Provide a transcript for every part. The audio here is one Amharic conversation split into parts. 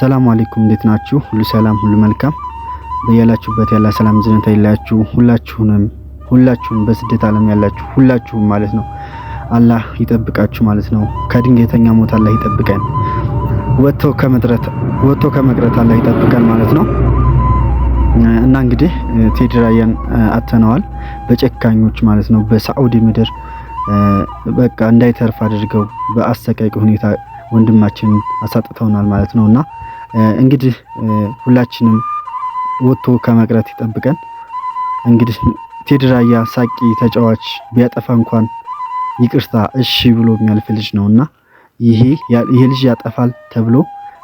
ሰላም አለይኩም እንዴት ናችሁ? ሁሉ ሰላም፣ ሁሉ መልካም በያላችሁበት ያለ ሰላም ዝነት ይላችሁ ሁላችሁንም ሁላችሁም በስደት ዓለም ያላችሁ ሁላችሁም ማለት ነው አላህ ይጠብቃችሁ ማለት ነው። ከድንገተኛ ሞት አላህ ይጠብቀን። ወጥቶ ከመቅረት ወጥቶ ከመቅረት አላህ ይጠብቀን ማለት ነው። እና እንግዲህ ቴዲ ራያን አተነዋል በጨካኞች ማለት ነው። በሳዑዲ ምድር በቃ እንዳይተርፍ አድርገው በአሰቃቂ ሁኔታ ወንድማችን አሳጥተውናል ማለት ነውና እንግዲህ ሁላችንም ወጥቶ ከመቅረት ይጠብቀን። እንግዲህ ቴዲ ራያ ሳቂ ተጫዋች ቢያጠፋ እንኳን ይቅርታ እሺ ብሎ የሚያልፍ ልጅ ነው እና ይሄ ልጅ ያጠፋል ተብሎ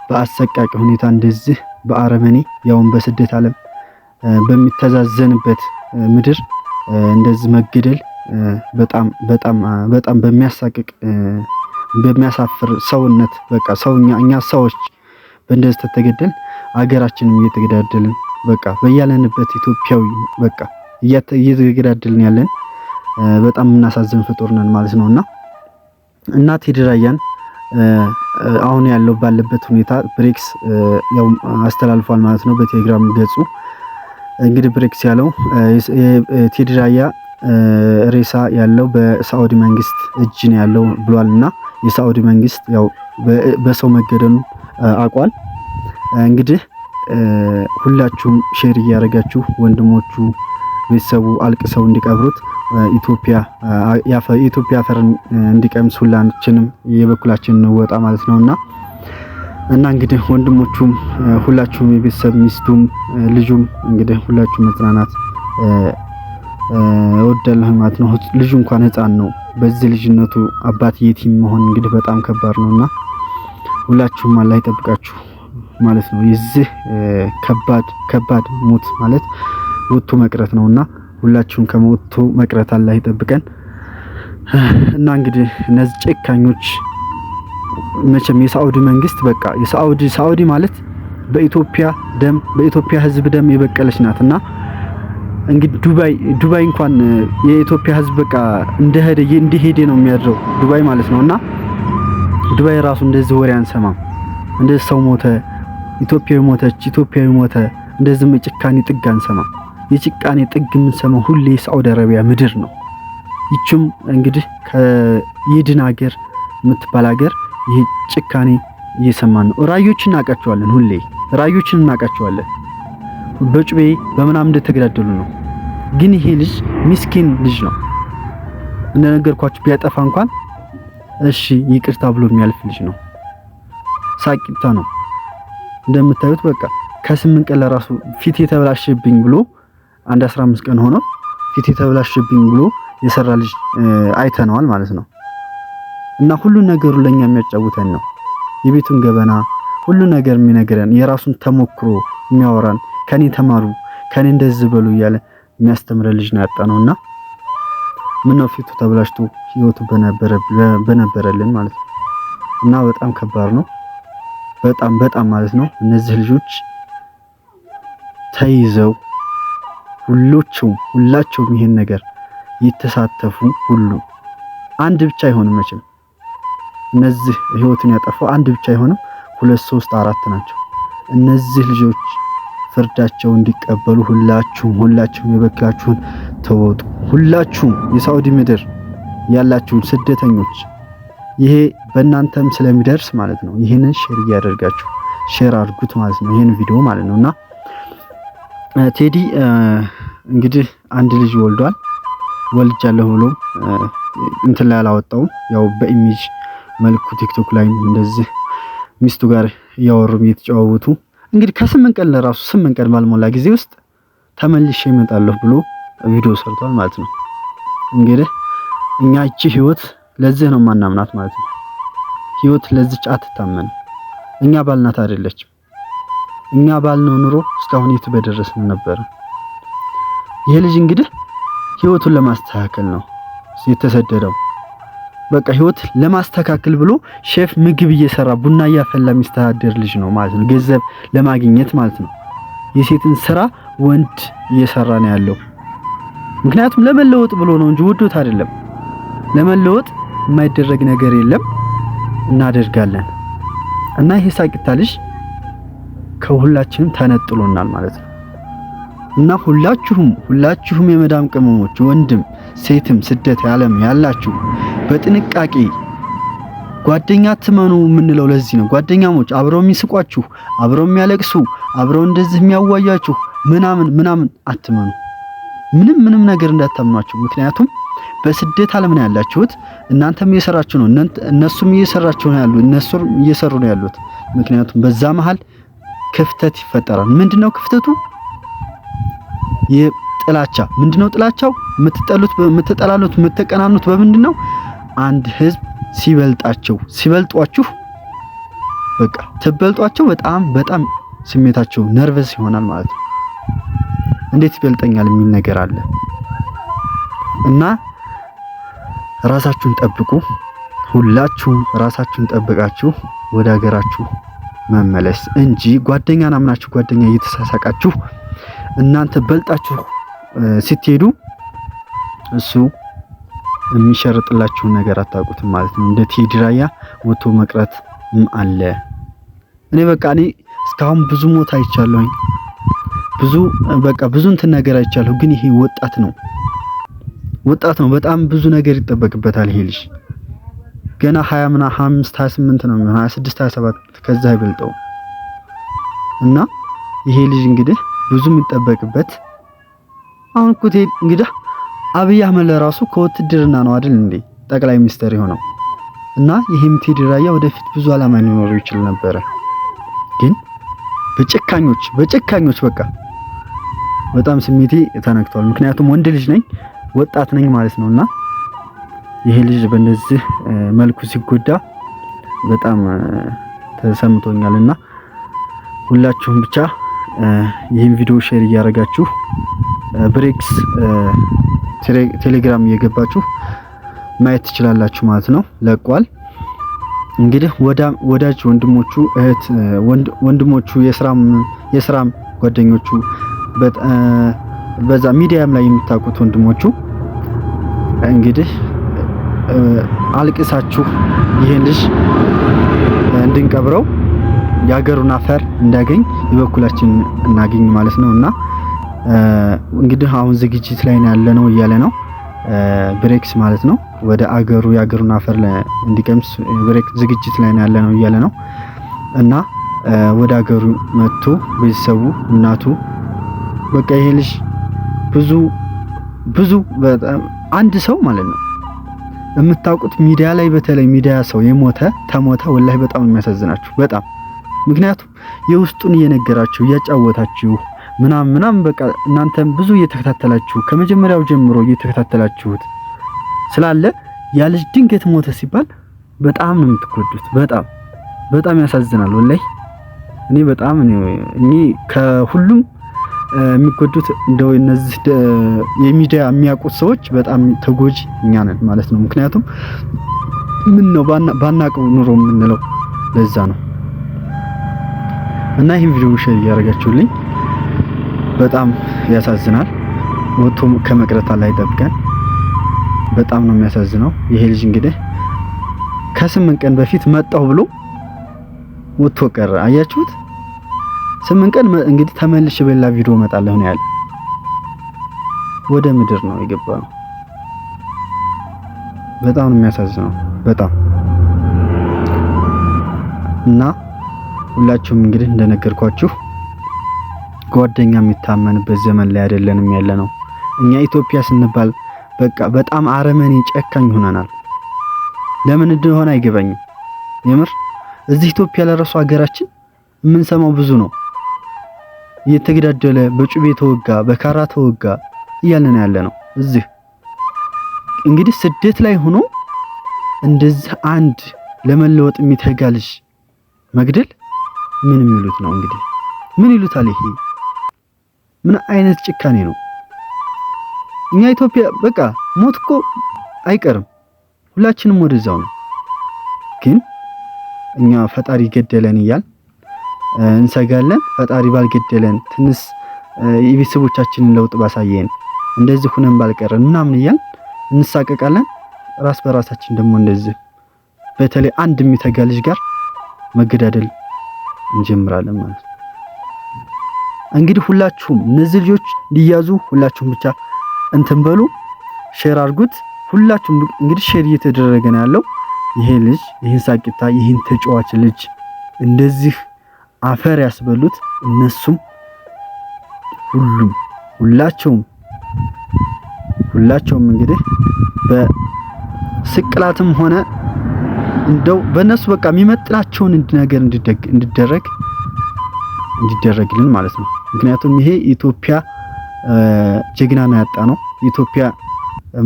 በአሰቃቂ ሁኔታ እንደዚህ በአረመኔ ያውን በስደት ዓለም በሚተዛዘንበት ምድር እንደዚህ መገደል በጣም በጣም በጣም በሚያሳቅቅ በሚያሳፍር ሰውነት በቃ ሰው እኛ ሰዎች በእንደዚህ ተተገደል አገራችንም እየተገዳደልን በቃ በያለንበት ኢትዮጵያዊ በቃ እየተገዳደልን ያለን በጣም የምናሳዝን ፍጡር ነን ማለት ነውና እና ሂድራያን አሁን ያለው ባለበት ሁኔታ ብሬክስ ያው አስተላልፏል ማለት ነው በቴሌግራም ገጹ። እንግዲህ ብሬክስ ያለው ቴድራያ ሬሳ ያለው በሳዑዲ መንግስት እጅ ነው ያለው ብሏል እና የሳዑዲ መንግስት ያው በሰው መገደሉ አቋል። እንግዲህ ሁላችሁም ሼር እያደረጋችሁ ወንድሞቹ ቤተሰቡ አልቅሰው እንዲቀብሩት ኢትዮጵያ የኢትዮጵያ አፈርን እንዲቀምስ ሁላችንም የበኩላችን እንወጣ ማለት ነውና እና እንግዲህ ወንድሞቹም ሁላችሁም የቤተሰብ ሚስቱም ልጁም እንግዲህ ሁላችሁም መጽናናት እወዳለሁ ማለት ነው። ልጁ እንኳን ህፃን ነው። በዚህ ልጅነቱ አባት የቲም መሆን እንግዲህ በጣም ከባድ ነውና ሁላችሁም አላህ ይጠብቃችሁ ማለት ነው። የዚህ ከባድ ከባድ ሞት ማለት ወጥቶ መቅረት ነውና ሁላችሁም ከሞቱ መቅረት አላህ ይጠብቀን እና እንግዲህ እነዚህ ጨካኞች መቼም የሳዑዲ መንግስት በቃ የሳዑዲ ሳዑዲ ማለት በኢትዮጵያ ደም በኢትዮጵያ ህዝብ ደም የበቀለች ናት እና እንግዲህ ዱባይ ዱባይ እንኳን የኢትዮጵያ ህዝብ በቃ እንደሄደ እንደሄደ ነው የሚያድረው ዱባይ ማለት ነውና ዱባይ ራሱ እንደዚህ ወሬ አንሰማም። እንደዚህ ሰው ሞተ፣ ኢትዮጵያዊ ሞተች፣ ኢትዮጵያዊ ሞተ፣ እንደዚህ የጭካኔ ጥግ አንሰማም። የጭካኔ ጥግ የምንሰማው ሁሌ የሳውዲ አረቢያ ምድር ነው። ይችም እንግዲህ ከየድን ሀገር የምትባል ሀገር ይህ ጭካኔ እየሰማን ነው። ራዮችን እናውቃቸዋለን፣ ሁሌ ራዮችን እናውቃቸዋለን። በጩቤ በምናም እንደተገዳደሉ ነው። ግን ይሄ ልጅ ሚስኪን ልጅ ነው እንደነገርኳችሁ ቢያጠፋ እንኳን እሺ ይቅርታ ብሎ የሚያልፍ ልጅ ነው። ሳቂታ ነው እንደምታዩት። በቃ ከስምንት ቀን ለራሱ ፊት የተበላሽብኝ ብሎ አንድ 15 ቀን ሆኖ ፊት የተበላሽብኝ ብሎ የሰራ ልጅ አይተነዋል ማለት ነው። እና ሁሉን ነገሩ ለኛ የሚያጫውተን ነው። የቤቱን ገበና ሁሉ ነገር የሚነግረን፣ የራሱን ተሞክሮ የሚያወራን፣ ከኔ ተማሩ ከኔ እንደዚህ በሉ እያለ የሚያስተምረ ልጅ ነው ያጣነውና ምነው ፊቱ ተበላሽቶ ህይወቱ በነበረልን ማለት ነው። እና በጣም ከባድ ነው። በጣም በጣም ማለት ነው። እነዚህ ልጆች ተይዘው ሁሎቹም ሁላቸውም ይሄን ነገር የተሳተፉ ሁሉ አንድ ብቻ አይሆንም መቼም እነዚህ ህይወትን ያጠፋው አንድ ብቻ አይሆንም፣ ሁለት፣ ሶስት፣ አራት ናቸው። እነዚህ ልጆች ፍርዳቸው እንዲቀበሉ ሁላችሁም ሁላችሁም የበኩላችሁን ተወጡ። ሁላችሁም የሳውዲ ምድር ያላችሁ ስደተኞች ይሄ በእናንተም ስለሚደርስ ማለት ነው ይህንን ሼር እያደርጋችሁ ሼር አድርጉት ማለት ነው ይህን ቪዲዮ ማለት ነው እና ቴዲ እንግዲህ አንድ ልጅ ወልዷል። ወልጃለሁ ብሎ እንትን ላይ አላወጣውም። ያው በኢሜጅ መልኩ ቲክቶክ ላይ እንደዚህ ሚስቱ ጋር እያወሩ እየተጨዋወቱ እንግዲህ ከስምንት ቀን ለራሱ ስምንት ቀን ባልሞላ ጊዜ ውስጥ ተመልሼ እመጣለሁ ብሎ ቪዲዮ ሰርቷል ማለት ነው። እንግዲህ እኛ እቺ ህይወት ለዚህ ነው ማናምናት ማለት ነው። ህይወት ለዚች አትታመን። እኛ ባልናት አይደለችም። እኛ ባልነው ኑሮ እስካሁን የት በደረስን ነበረ። ይሄ ልጅ እንግዲህ ህይወቱን ለማስተካከል ነው የተሰደደው። በቃ ህይወት ለማስተካከል ብሎ ሼፍ ምግብ እየሰራ ቡና እያፈላ የሚስተዳደር ልጅ ነው ማለት ነው። ገንዘብ ለማግኘት ማለት ነው። የሴትን ስራ ወንድ እየሰራ ነው ያለው። ምክንያቱም ለመለወጥ ብሎ ነው እንጂ ወዶት አይደለም። ለመለወጥ የማይደረግ ነገር የለም። እናደርጋለን እና ይሄ ሳቂታ ልጅ ከሁላችንም ተነጥሎናል ማለት ነው። እና ሁላችሁም ሁላችሁም የመዳም ቅመሞች ወንድም ሴትም ስደት ያለም ያላችሁ በጥንቃቄ ጓደኛ ትመኑ የምንለው ለዚህ ነው። ጓደኛሞች አብረው የሚስቋችሁ፣ አብረው የሚያለቅሱ፣ አብረው እንደዚህ የሚያዋያችሁ ምናምን ምናምን አትመኑ። ምንም ምንም ነገር እንዳታምኗቸው። ምክንያቱም በስደት ዓለም ነው ያላችሁት። እናንተም እየሰራችሁ ነው፣ እነሱም እየሰራችሁ ነው ያሉት፣ እነሱም እየሰሩ ነው ያሉት። ምክንያቱም በዛ መሀል ክፍተት ይፈጠራል። ምንድነው ክፍተቱ? ጥላቻ። ምንድነው ጥላቻው? የምትጠሉት የምትጠላሉት የምትቀናኑት በምንድን ነው? አንድ ህዝብ ሲበልጣቸው ሲበልጧችሁ፣ በቃ ትበልጧቸው፣ በጣም በጣም ስሜታቸው ነርቨስ ይሆናል ማለት ነው። እንዴት ይበልጠኛል የሚል ነገር አለ እና ራሳችሁን ጠብቁ። ሁላችሁም ራሳችሁን ጠብቃችሁ ወደ ሀገራችሁ መመለስ እንጂ ጓደኛን አምናችሁ ጓደኛ እየተሳሳቃችሁ እናንተ በልጣችሁ ስትሄዱ እሱ የሚሸርጥላችሁን ነገር አታውቁትም ማለት ነው። እንደ ቴዲ ራያ ወጥቶ መቅረትም አለ። እኔ በቃ እኔ እስካሁን ብዙ ሞት አይቻለሁኝ። ብዙ በቃ ብዙ እንትን ነገር አይቻለሁ። ግን ይሄ ወጣት ነው ወጣት ነው። በጣም ብዙ ነገር ይጠበቅበታል ይሄ ልጅ ገና 20 ምና 25 28 ነው 26 27 ከዛ አይበልጠው እና ይሄ ልጅ እንግዲህ ብዙ የሚጠበቅበት አሁን እኮ እንግዲህ አብይ አህመድ ለራሱ ከውትድርና ነው አይደል እንዴ ጠቅላይ ሚኒስትር የሆነው እና ይሄም ቴዲ ራያ ወደፊት ብዙ አላማ ሊኖረው ይችል ነበረ ግን በጭካኞች በጭካኞች በቃ በጣም ስሜቴ ተነክቷል። ምክንያቱም ወንድ ልጅ ነኝ ወጣት ነኝ ማለት ነውና ይሄ ልጅ በእንደዚህ መልኩ ሲጎዳ በጣም ተሰምቶኛልና ሁላችሁም ብቻ ይህን ቪዲዮ ሼር እያደረጋችሁ ብሬክስ ቴሌግራም እየገባችሁ ማየት ትችላላችሁ ማለት ነው። ለቋል። እንግዲህ ወዳጅ ወንድሞቹ እህት ወንድሞቹ የስራም ጓደኞቹ በዛ ሚዲያም ላይ የምታውቁት ወንድሞቹ እንግዲህ አልቅሳችሁ ይህን ልጅ እንድንቀብረው የሀገሩን አፈር እንዳገኝ የበኩላችን እናገኝ ማለት ነው እና እንግዲህ አሁን ዝግጅት ላይ ያለ ነው እያለ ነው ብሬክስ ማለት ነው ወደ አገሩ የአገሩን አፈር እንዲቀምስ ብሬክ ዝግጅት ላይ ያለ ነው እያለ ነው እና ወደ አገሩ መጥቶ ቤተሰቡ እናቱ በቃ ይሄ ልጅ ብዙ ብዙ በጣም አንድ ሰው ማለት ነው የምታውቁት ሚዲያ ላይ በተለይ ሚዲያ ሰው የሞተ ተሞተ ወላሂ በጣም የሚያሳዝናችሁ በጣም ምክንያቱም የውስጡን እየነገራችሁ እያጫወታችሁ ምናም ምናም በቃ እናንተም ብዙ እየተከታተላችሁ ከመጀመሪያው ጀምሮ እየተከታተላችሁት ስላለ ያ ልጅ ድንገት ሞተ ሲባል በጣም ነው የምትጎዱት። በጣም በጣም ያሳዝናል። ወላይ እኔ በጣም እኔ ከሁሉም የሚጎዱት እንደ እነዚህ የሚዲያ የሚያውቁት ሰዎች በጣም ተጎጂ እኛ ነን ማለት ነው። ምክንያቱም ምን ነው ባናቀው ኑሮ የምንለው ለዛ ነው። እና ይህን ቪዲዮ ሼር እያደረጋችሁልኝ በጣም ያሳዝናል። ወጥቶ ከመቅረት ላይ ጠብቀን በጣም ነው የሚያሳዝነው። ይሄ ልጅ እንግዲህ ከስምንት ቀን በፊት መጣሁ ብሎ ወጥቶ ቀረ። አያችሁት? ስምንት ቀን እንግዲህ ተመልሽ በሌላ ቪዲዮ እመጣለሁ ነው ያለ። ወደ ምድር ነው የገባው። በጣም ነው የሚያሳዝነው። በጣም እና ሁላችሁም እንግዲህ እንደነገርኳችሁ ጓደኛ የሚታመንበት ዘመን ላይ አይደለንም ያለ ነው። እኛ ኢትዮጵያ ስንባል በቃ በጣም አረመኔ ጨካኝ ሆነናል። ለምን እንደሆነ አይገባኝም። የምር እዚህ ኢትዮጵያ ለራሱ ሀገራችን የምንሰማው ብዙ ነው። እየተገዳደለ በጩቤ ተወጋ፣ በካራ ተወጋ እያልን ያለ ነው። እዚህ እንግዲህ ስደት ላይ ሆኖ እንደዚህ አንድ ለመለወጥ የሚተጋ ልጅ መግደል ምን የሚሉት ነው? እንግዲህ ምን ይሉታል ይሄ? ምን አይነት ጭካኔ ነው? እኛ ኢትዮጵያ በቃ ሞት እኮ አይቀርም፣ ሁላችንም ወደዛው ነው። ግን እኛ ፈጣሪ ገደለን እያል እንሰጋለን። ፈጣሪ ባልገደለን ትንስ የቤተሰቦቻችንን ለውጥ ባሳየን እንደዚህ ሁነን ባልቀረን ምናምን እያል እንሳቀቃለን። ራስ በራሳችን ደግሞ እንደዚህ በተለይ አንድ የሚተጋ ልጅ ጋር መገዳደል እንጀምራለን ማለት ነው። እንግዲህ ሁላችሁም እነዚህ ልጆች እንዲያዙ ሁላችሁም ብቻ እንትን በሉ፣ ሼር አድርጉት። ሁላችሁም እንግዲህ ሼር እየተደረገ ነው ያለው። ይሄ ልጅ ይህን ሳቂታ ይህን ተጫዋች ልጅ እንደዚህ አፈር ያስበሉት። እነሱም ሁሉም ሁላቸውም ሁላቸውም እንግዲህ በስቅላትም ሆነ እንደው በእነሱ በቃ የሚመጥናቸውን ነገር እንዲደረግ እንዲደረግልን ማለት ነው። ምክንያቱም ይሄ ኢትዮጵያ ጀግና ነው ያጣ ነው። ኢትዮጵያ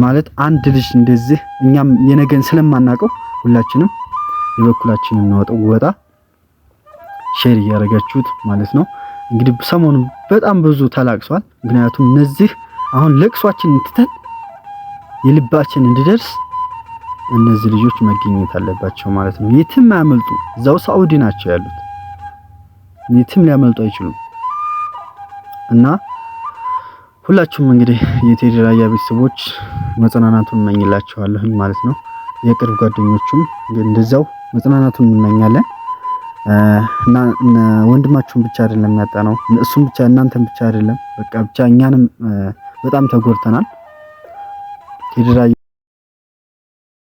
ማለት አንድ ልጅ እንደዚህ እኛም የነገን ስለማናውቀው ሁላችንም የበኩላችንን እንወጣው ወጣ ሼር እያደረጋችሁት ማለት ነው። እንግዲህ ሰሞኑን በጣም ብዙ ተላቅሷል። ምክንያቱም እነዚህ አሁን ለቅሷችን እንትተን የልባችን እንዲደርስ እነዚህ ልጆች መገኘት አለባቸው ማለት ነው። የትም አያመልጡ። እዛው ሳውዲ ናቸው ያሉት። የትም ሊያመልጡ አይችሉም። እና ሁላችሁም እንግዲህ የቴዲ ራያ ቤተሰቦች መጽናናቱን እመኝላችኋለሁኝ ማለት ነው። የቅርብ ጓደኞቹም እንደዛው መጽናናቱን እንመኛለን እና ወንድማችሁን ብቻ አይደለም ያጣ ነው፣ እሱም ብቻ እናንተም ብቻ አይደለም፣ በቃ ብቻ እኛንም በጣም ተጎድተናል ቴዲ ራያ